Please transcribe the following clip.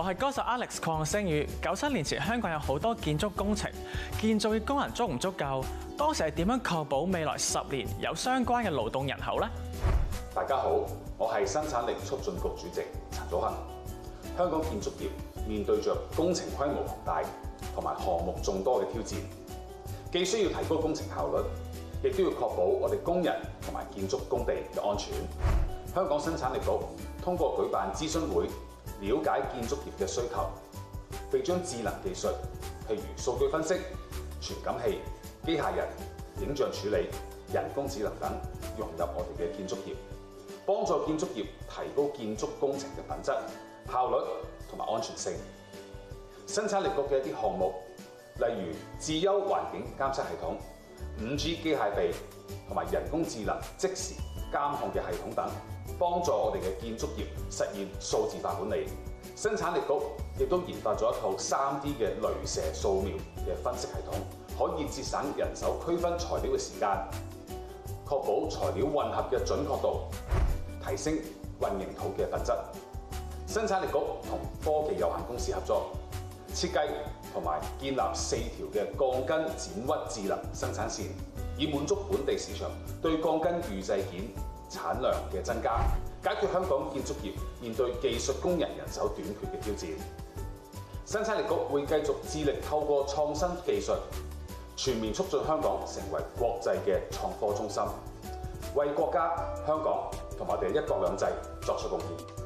我係歌手 Alex 鄺星宇。九七年前，香港有好多建築工程，建造業工人足唔足夠？當時係點樣確保未來十年有相關嘅勞動人口呢？大家好，我係生產力促進局主席陳祖恒。香港建築業面對着工程規模大同埋項目眾多嘅挑戰，既需要提高工程效率，亦都要確保我哋工人同埋建築工地嘅安全。香港生產力局通過舉辦諮詢會，了解建築業嘅需求，並將智能技術，譬如數據分析、傳感器、機械人、影像處理、人工智能等，融入我哋嘅建築業，幫助建築業提高建築工程嘅品質、效率同埋安全性。生產力局嘅一啲項目，例如自優環境監測系統。5G 機械臂同埋人工智能即時監控嘅系統等，幫助我哋嘅建築業實現數字化管理。生產力局亦都研發咗一套 3D 嘅雷射掃描嘅分析系統，可以節省人手區分材料嘅時間，確保材料混合嘅準確度，提升混凝土嘅品質。生產力局同科技有限公司合作。設計同埋建立四條嘅鋼筋剪屈智能生產線，以滿足本地市場對鋼筋預製件產量嘅增加，解決香港建築業面對技術工人人手短缺嘅挑戰。生產力局會繼續致力透過創新技術，全面促進香港成為國際嘅創科中心，為國家、香港同埋我哋一國兩制作出貢獻。